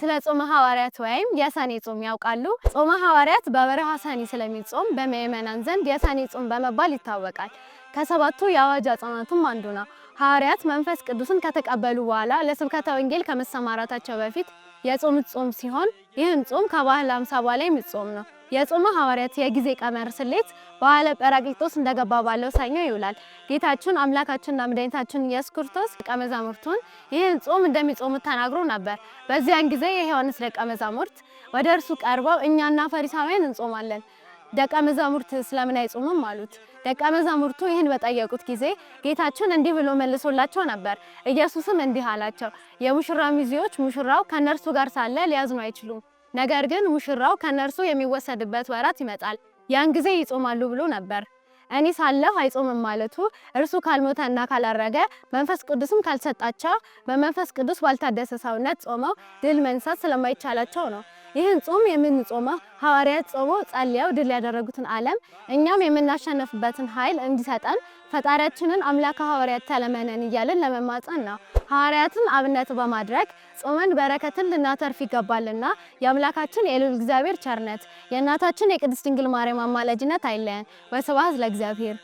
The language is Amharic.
ስለ ጾመ ሐዋርያት ወይም የሰኔ ጾም ያውቃሉ? ጾመ ሐዋርያት በወርሃ ሰኔ ስለሚጾም በምዕመናን ዘንድ የሰኔ ጾም በመባል ይታወቃል። ከሰባቱ የአዋጅ አጽዋማትም አንዱ ነው። ሐዋርያት መንፈስ ቅዱስን ከተቀበሉ በኋላ ለስብከተ ወንጌል ከመሰማራታቸው በፊት የጾሙት ጾም ሲሆን ይህም ጾም ከባህል አምሳ በላይ የሚጾም ነው። የጾመ ሐዋርያት የጊዜ ቀመር ስሌት በኋለ ጰራቅሊጦስ እንደገባ ባለው ሰኞ ይውላል። ጌታችን አምላካችንና መድኃኒታችን ኢየሱስ ክርስቶስ ደቀ መዛሙርቱን ይህን ጾም እንደሚጾሙት ተናግሮ ነበር። በዚያን ጊዜ የዮሐንስ ደቀ መዛሙርት ወደ እርሱ ቀርበው እኛና ፈሪሳውያን እንጾማለን፣ ደቀ መዛሙርት ስለምን አይጾምም አሉት። ደቀ መዛሙርቱ ይህን በጠየቁት ጊዜ ጌታችን እንዲህ ብሎ መልሶላቸው ነበር። ኢየሱስም እንዲህ አላቸው፣ የሙሽራ ሚዜዎች ሙሽራው ከእነርሱ ጋር ሳለ ሊያዝኑ አይችሉም። ነገር ግን ሙሽራው ከነርሱ የሚወሰድበት ወራት ይመጣል፣ ያን ጊዜ ይጾማሉ ብሎ ነበር። እኔ ሳለሁ አይጾምም ማለቱ እርሱ ካልሞተና ካላረገ መንፈስ ቅዱስም ካልሰጣቸው በመንፈስ ቅዱስ ባልታደሰ ሰውነት ጾመው ድል መንሳት ስለማይቻላቸው ነው። ይህን ጾም የምንጾመው ሐዋርያት ጾሞ ጸልየው ድል ያደረጉትን ዓለም እኛም የምናሸነፍበትን ኃይል እንዲሰጠን ፈጣሪያችንን አምላከ ሐዋርያት ተለመነን እያልን ለመማጸን ነው። ሐዋርያትን አብነት በማድረግ ጾመን በረከትን ልናተርፍ ይገባልና የአምላካችን የልዑል እግዚአብሔር ቸርነት፣ የእናታችን የቅድስት ድንግል ማርያም አማላጅነት አይለየን። ወስብሐት ለእግዚአብሔር።